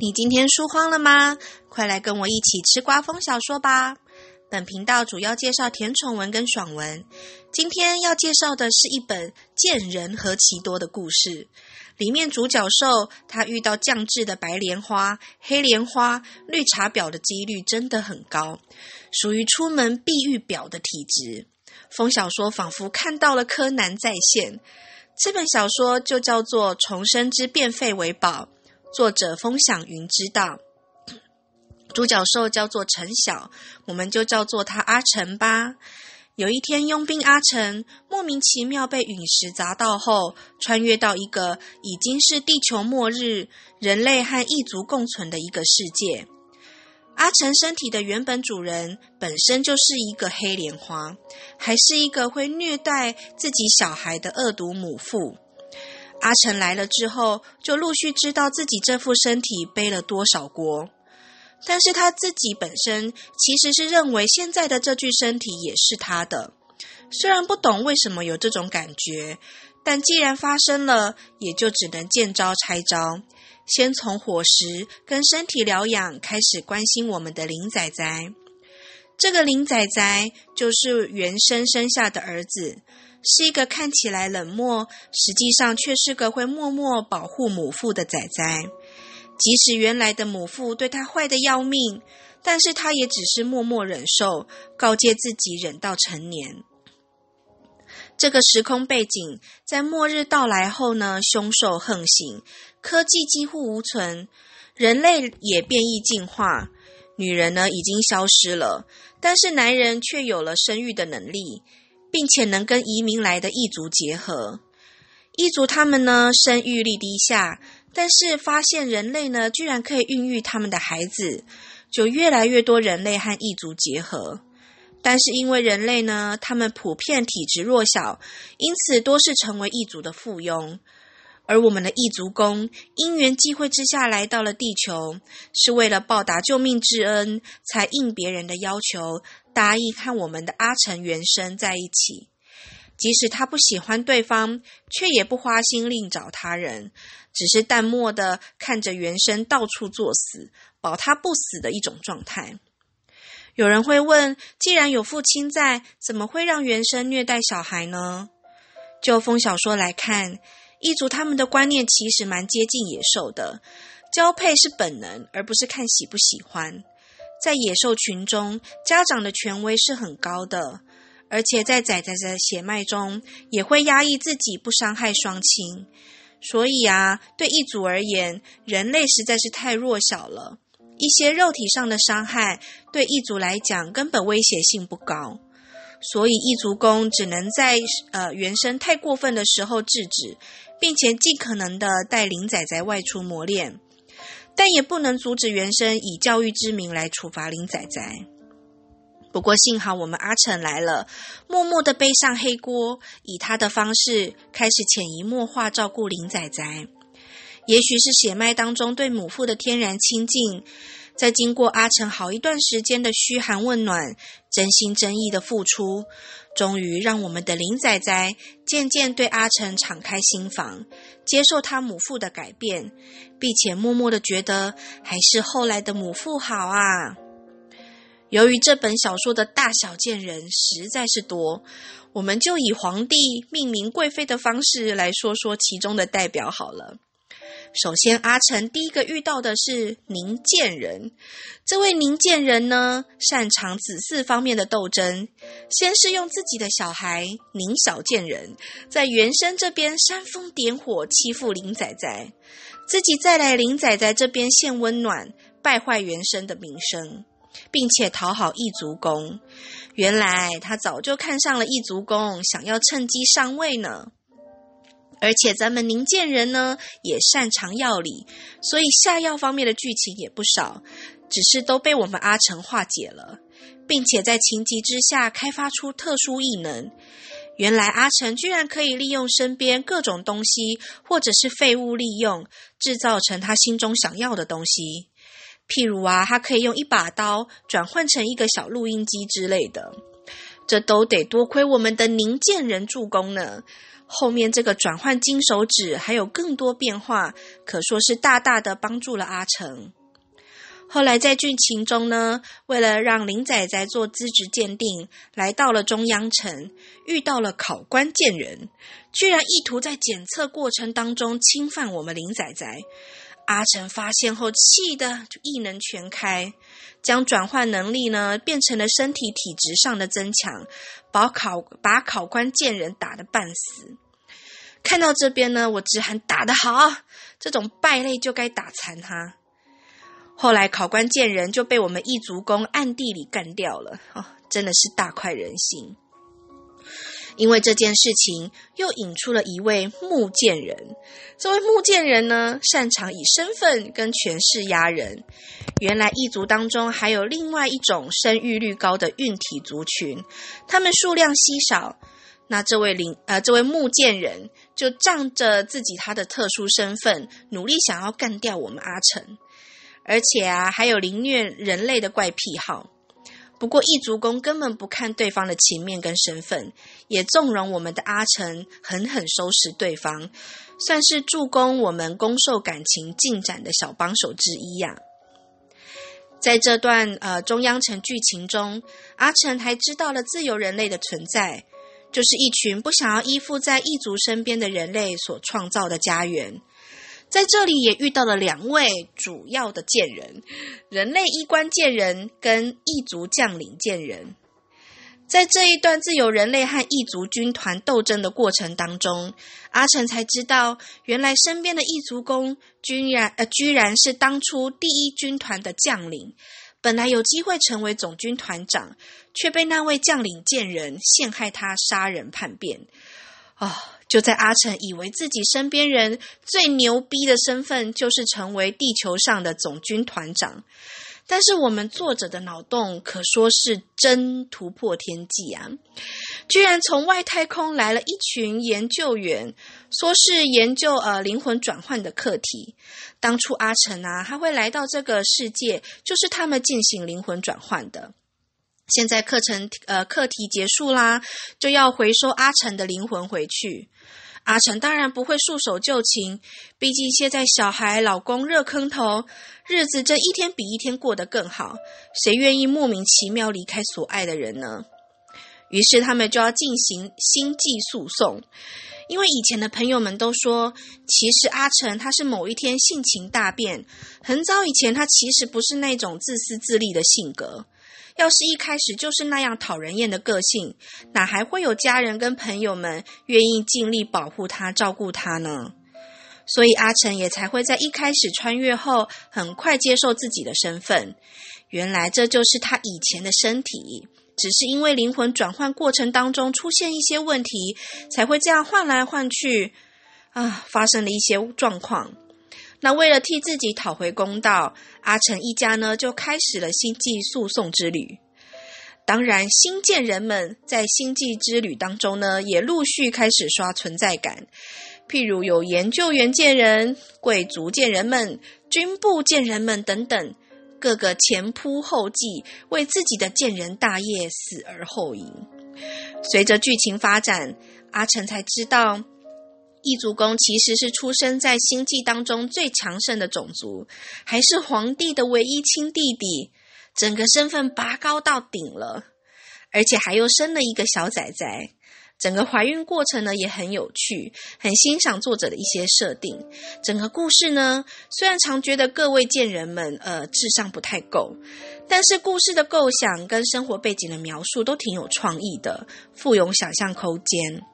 你今天書荒了嗎？快來跟我一起吃瓜風小說吧！本頻道主要介紹甜寵文跟爽文，今天要介紹的是一本“賤人何其多”的故事。裡面主角受他遇到降智的白蓮花、黑蓮花、綠茶婊的幾率真的很高，屬於出門必遇婊的體質。風小說仿佛看到了柯南再現。這本小說就叫做《重生之變廢為寶》。作者風想雲知道，主角受叫做陳曉，我們就叫做他阿陳吧。有一天傭、傭兵阿陳莫名其妙被隕石砸到後，穿越到一個已經是地球末日、人類和異族共存的一個世界。阿陳身體的原本主人本身就是一個黑蓮花，還是一個會虐待自己小孩的惡毒母婦。阿成來了之後，就陸續知道自己這副身體背了多少鍋，但是他自己本身其實是認為現在的這具身體也是他的，雖然不懂為什麼有這種感覺，但既然發生了，也就只能見招拆招，先從伙食跟身體療養開始關心我們的林仔仔。這個林仔仔就是原生生下的兒子。是一個看起來冷漠，實際上卻是個會默默保護母父的仔仔。即使原來的母父對他壞得要命，但是他也只是默默忍受，告誡自己忍到成年。這個時空背景在末日到來後呢，凶獸橫行，科技幾乎無存，人類也變異進化。女人呢已經消失了，但是男人卻有了生育的能力。並且能跟移民來的異族結合，異族他們呢生育力低下，但是發現人類呢居然可以孕育他們的孩子，就越來越多人類和異族結合。但是因為人類呢，他們普遍體質弱小，因此多是成為異族的附庸。而我們的異族攻因緣際會之下來到了地球，是為了報答救命之恩，才應別人的要求。答應看我們的阿成原生在一起，即使他不喜歡對方，卻也不花心另找他人，只是淡漠的看着原生到處作死，保他不死的一種狀態。有人會問：既然有父親在，怎麼會讓原生虐待小孩呢？就封小說來看，異族他們的觀念其實蠻接近野獸的，交配是本能，而不是看喜不喜歡。在野獸群中，家長的權威是很高的，而且在崽崽的血脈中也會壓抑自己，不傷害雙親。所以啊，對異族而言，人類實在是太弱小了。一些肉體上的傷害，對異族來講根本威脅性不高。所以異族攻只能在，呃，原生太過分的時候制止，並且盡可能的帶領崽崽外出磨練。但也不能阻止原生以教育之名來處罰林仔仔。不過幸好我們阿成來了，默默的背上黑鍋，以他的方式開始潛移默化照顧林仔仔。也許是血脈當中對母父的天然親近，在經過阿成好一段時間的噓寒問暖，真心真意的付出。終於讓我們的林崽崽漸漸對阿成敞開心房，接受他母父的改變，並且默默的覺得還是後來的母父好啊。由於這本小說的大小賤人實在是多，我們就以皇帝命名貴妃的方式來說說其中的代表好了。首先，阿成第一個遇到的是寧賤人。這位寧賤人呢，擅長子嗣方面的鬥爭。先是用自己的小孩寧小賤人，在原生這邊煽風點火，欺負林仔仔；自己再來林仔仔這邊獻溫暖，敗壞原生的名聲，並且討好異族公。原來他早就看上了異族公，想要趁機上位呢。而且咱們寧劍人呢，也擅長藥理，所以下藥方面的劇情也不少，只是都被我們阿成化解了，並且在情急之下開發出特殊異能。原來阿成居然可以利用身邊各種東西，或者是廢物利用，製造成他心中想要的東西。譬如啊，他可以用一把刀轉換成一個小錄音機之類的，這都得多虧我們的寧劍人助攻呢。後面這個轉換金手指還有更多變化，可說是大大的幫助了阿成。後來在劇情中呢，為了讓林仔仔做資質鑑定，來到了中央城，遇到了考官賤人，居然意圖在檢測過程當中侵犯我們林仔仔。阿成發現後，氣得就異能全開，將轉換能力呢變成了身體體質上的增強，把考把考官賤人打得半死。看到這邊呢，我只喊打得好，這種敗類就該打殘他。後來考官賤人就被我們一族宮暗地裡幹掉了，哦，真的是大快人心。因為這件事情，又引出了一位木劍人。這位木劍人呢，擅長以身份跟權勢壓人。原來異族當中還有另外一種生育率高的孕體族群，他們數量稀少。那這位靈，呃，這位木劍人就仗着自己他的特殊身份，努力想要幹掉我們阿成，而且啊，還有凌虐人類的怪癖好。不過異族攻根本不看對方的情面跟身份，也縱容我們的阿成狠狠收拾對方，算是助攻我們攻受感情進展的小幫手之一呀、啊。在這段呃中央城劇情中，阿成還知道了自由人類的存在，就是一群不想要依附在異族身邊的人類所創造的家園。在這裡也遇到了兩位主要的賤人，人類衣冠賤人跟異族將領賤人。在這一段自由人類和異族軍團鬥爭的過程當中，阿成才知道，原來身邊的異族攻居然呃，居然是當初第一軍團的將領，本來有機會成為總軍團長，卻被那位將領賤人陷害他殺人叛變啊。就在阿成以為自己身邊人最牛逼的身份就是成為地球上的總軍團長，但是我們作者的腦洞可說是真突破天際啊。居然從外太空來了一群研究員，說是研究，呃，靈魂轉換的課題。當初阿成啊，他會來到這個世界，就是他們進行靈魂轉換的。現在課程，呃，課題結束啦，就要回收阿成的靈魂回去。阿成當然不會束手就擒，畢竟現在小孩老公熱坑頭，日子這一天比一天過得更好，誰願意莫名其妙離開所愛的人呢？於是他們就要進行星際訴訟，因為以前的朋友們都說，其實阿成他是某一天性情大變，很早以前他其實不是那種自私自利的性格。要是一開始就是那樣討人厭的個性，哪還會有家人跟朋友們願意盡力保護他、照顧他呢？所以阿成也才會在一開始穿越後，很快接受自己的身份。原來這就是他以前的身體，只是因為靈魂轉換過程當中出現一些問題，才會這樣換來換去。啊，發生了一些狀況。那為了替自己討回公道，阿成一家呢就開始了星際訴訟之旅。當然，星劍人們在星際之旅當中呢，也陸續開始刷存在感。譬如有研究員劍人、貴族劍人們、軍部劍人們等等，各個前仆後繼，為自己的劍人大業死而後已。隨着劇情發展，阿成才知道。異族公其實是出生在星際當中最強盛的種族，還是皇帝的唯一親弟弟，整個身份拔高到頂了，而且還又生了一個小崽崽。整個懷孕過程呢也很有趣，很欣賞作者的一些設定。整個故事呢雖然常覺得各位賤人們呃智商不太夠，但是故事的構想跟生活背景的描述都挺有創意的，富有想象空間。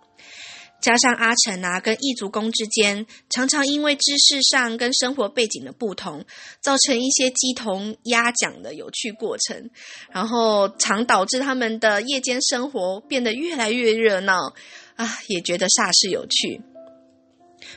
加上阿成啊，跟異族公之間常常因為知識上跟生活背景的不同，造成一些雞同鴨講的有趣過程，然後常導致他們的夜間生活變得越來越熱鬧啊，也覺得煞是有趣。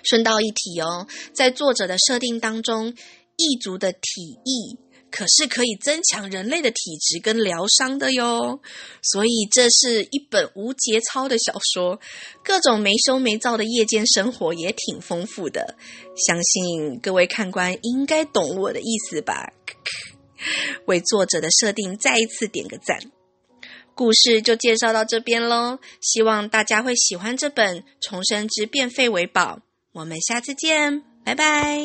順道一提哦，在作者的設定當中，異族的體義可是可以增強人類的體質跟療傷的喲，所以這是一本無節操的小說，各種沒羞沒躁的夜間生活也挺豐富的，相信各位看官應該懂我的意思吧。為作者的設定再一次點個讚，故事就介紹到這邊嘍，希望大家會喜歡這本《重生之變廢為寶》，我們下次見，拜拜。